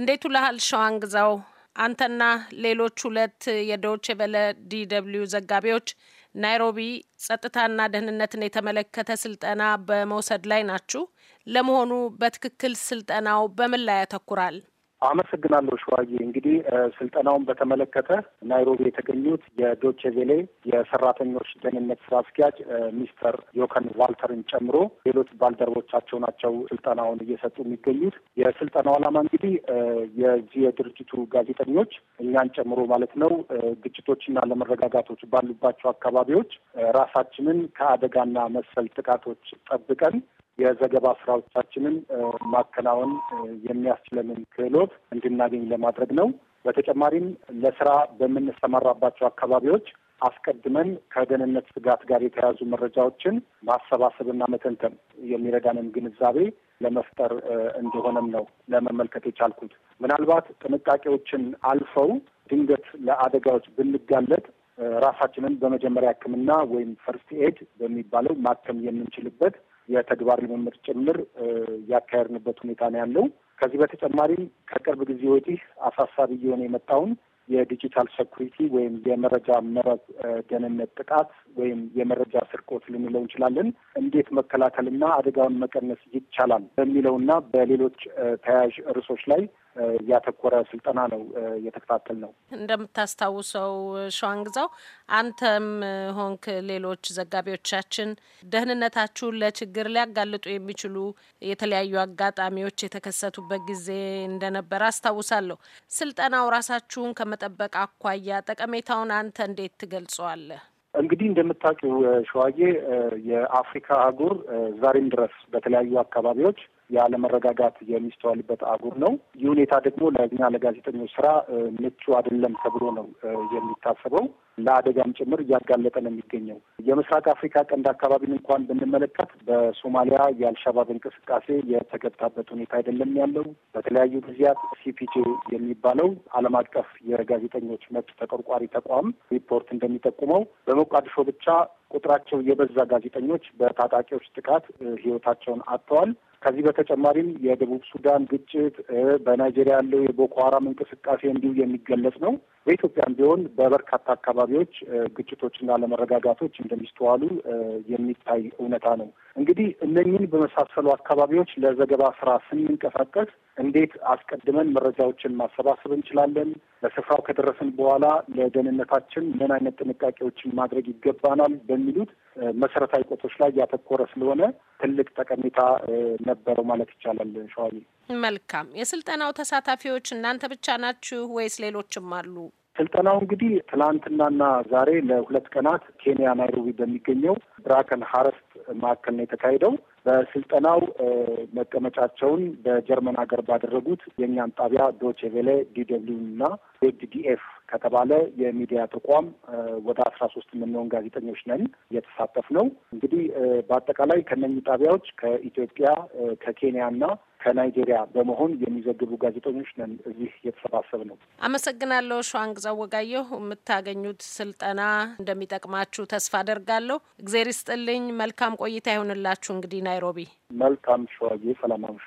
እንዴት ውለሃል ሸዋን ግዛው? አንተና ሌሎች ሁለት የዶች የበለ ዲ ደብልዩ ዘጋቢዎች ናይሮቢ ጸጥታና ደህንነትን የተመለከተ ስልጠና በመውሰድ ላይ ናችሁ። ለመሆኑ በትክክል ስልጠናው በምን ላይ ያተኩራል? አመሰግናለሁ ሸዋዬ። እንግዲህ ስልጠናውን በተመለከተ ናይሮቢ የተገኙት የዶቼ ቬሌ የሰራተኞች ደህንነት ስራ አስኪያጅ ሚስተር ዮከን ዋልተርን ጨምሮ ሌሎች ባልደረቦቻቸው ናቸው ስልጠናውን እየሰጡ የሚገኙት። የስልጠናው ዓላማ እንግዲህ የዚህ የድርጅቱ ጋዜጠኞች እኛን ጨምሮ ማለት ነው ግጭቶችና ለመረጋጋቶች ባሉባቸው አካባቢዎች ራሳችንን ከአደጋና መሰል ጥቃቶች ጠብቀን የዘገባ ስራዎቻችንን ማከናወን የሚያስችለንን ክህሎት እንድናገኝ ለማድረግ ነው። በተጨማሪም ለስራ በምንሰማራባቸው አካባቢዎች አስቀድመን ከደህንነት ስጋት ጋር የተያያዙ መረጃዎችን ማሰባሰብና መተንተን የሚረዳንን ግንዛቤ ለመፍጠር እንደሆነም ነው ለመመልከት የቻልኩት። ምናልባት ጥንቃቄዎችን አልፈው ድንገት ለአደጋዎች ብንጋለጥ ራሳችንን በመጀመሪያ ሕክምና ወይም ፈርስት ኤድ በሚባለው ማከም የምንችልበት የተግባር ልምምድ ጭምር ያካሄድንበት ሁኔታ ነው ያለው። ከዚህ በተጨማሪም ከቅርብ ጊዜ ወዲህ አሳሳቢ እየሆነ የመጣውን የዲጂታል ሴኩሪቲ ወይም የመረጃ መረብ ደህንነት ጥቃት ወይም የመረጃ ስርቆት ልንለው እንችላለን፣ እንዴት መከላከልና አደጋውን መቀነስ ይቻላል በሚለውና በሌሎች ተያያዥ ርዕሶች ላይ ያተኮረ ስልጠና ነው እየተከታተል ነው። እንደምታስታውሰው ሸዋንግዛው፣ አንተም ሆንክ ሌሎች ዘጋቢዎቻችን ደህንነታችሁን ለችግር ሊያጋልጡ የሚችሉ የተለያዩ አጋጣሚዎች የተከሰቱበት ጊዜ እንደነበረ አስታውሳለሁ። ስልጠናው ራሳችሁን ከመጠበቅ አኳያ ጠቀሜታውን አንተ እንዴት ትገልጸዋለህ? እንግዲህ እንደምታውቂው ሸዋዬ የአፍሪካ አህጉር ዛሬም ድረስ በተለያዩ አካባቢዎች ያለመረጋጋት የሚስተዋልበት አህጉር ነው። ይህ ሁኔታ ደግሞ ለእኛ ለጋዜጠኞች ስራ ምቹ አይደለም ተብሎ ነው የሚታሰበው። ለአደጋም ጭምር እያጋለጠ ነው የሚገኘው። የምስራቅ አፍሪካ ቀንድ አካባቢን እንኳን ብንመለከት በሶማሊያ የአልሸባብ እንቅስቃሴ የተገታበት ሁኔታ አይደለም ያለው። በተለያዩ ጊዜያት ሲፒጄ የሚባለው ዓለም አቀፍ የጋዜጠኞች መብት ተቆርቋሪ ተቋም ሪፖርት እንደሚጠቁመው በሞቃዲሾ ብቻ ቁጥራቸው የበዛ ጋዜጠኞች በታጣቂዎች ጥቃት ሕይወታቸውን አጥተዋል። ከዚህ በተጨማሪም የደቡብ ሱዳን ግጭት፣ በናይጄሪያ ያለው የቦኮ ሀራም እንቅስቃሴ እንዲሁ የሚገለጽ ነው። በኢትዮጵያም ቢሆን በበርካታ አካባቢዎች ግጭቶችና አለመረጋጋቶች እንደሚስተዋሉ የሚታይ እውነታ ነው። እንግዲህ እነኝን በመሳሰሉ አካባቢዎች ለዘገባ ስራ ስንንቀሳቀስ እንዴት አስቀድመን መረጃዎችን ማሰባሰብ እንችላለን? ለስፍራው ከደረስን በኋላ ለደህንነታችን ምን አይነት ጥንቃቄዎችን ማድረግ ይገባናል? በሚሉት መሰረታዊ ቆቶች ላይ ያተኮረ ስለሆነ ትልቅ ጠቀሜታ ነበረው ማለት ይቻላል። ሸዋሚ መልካም። የስልጠናው ተሳታፊዎች እናንተ ብቻ ናችሁ ወይስ ሌሎችም አሉ? ስልጠናው እንግዲህ ትናንትናና ዛሬ ለሁለት ቀናት ኬንያ ናይሮቢ በሚገኘው ብራከን ሀረስት ማዕከል ነው የተካሄደው። በስልጠናው መቀመጫቸውን በጀርመን ሀገር ባደረጉት የእኛን ጣቢያ ዶቼ ቬለ፣ ዲደብሊው እና ዜድዲኤፍ ከተባለ የሚዲያ ተቋም ወደ አስራ ሶስት የምንሆን ጋዜጠኞች ነን እየተሳተፍ ነው። እንግዲህ በአጠቃላይ ከነኚህ ጣቢያዎች ከኢትዮጵያ፣ ከኬንያ እና ከናይጄሪያ በመሆን የሚዘግቡ ጋዜጠኞች ነን እዚህ እየተሰባሰብ ነው። አመሰግናለሁ። ሸዋን ግዛው ወጋየሁ፣ የምታገኙት ስልጠና እንደሚጠቅማችሁ ተስፋ አደርጋለሁ። እግዜር ይስጥልኝ። መልካም ቆይታ ይሆንላችሁ። እንግዲህ ናይሮቢ። መልካም ሸዋዬ ሰላም አምሹ።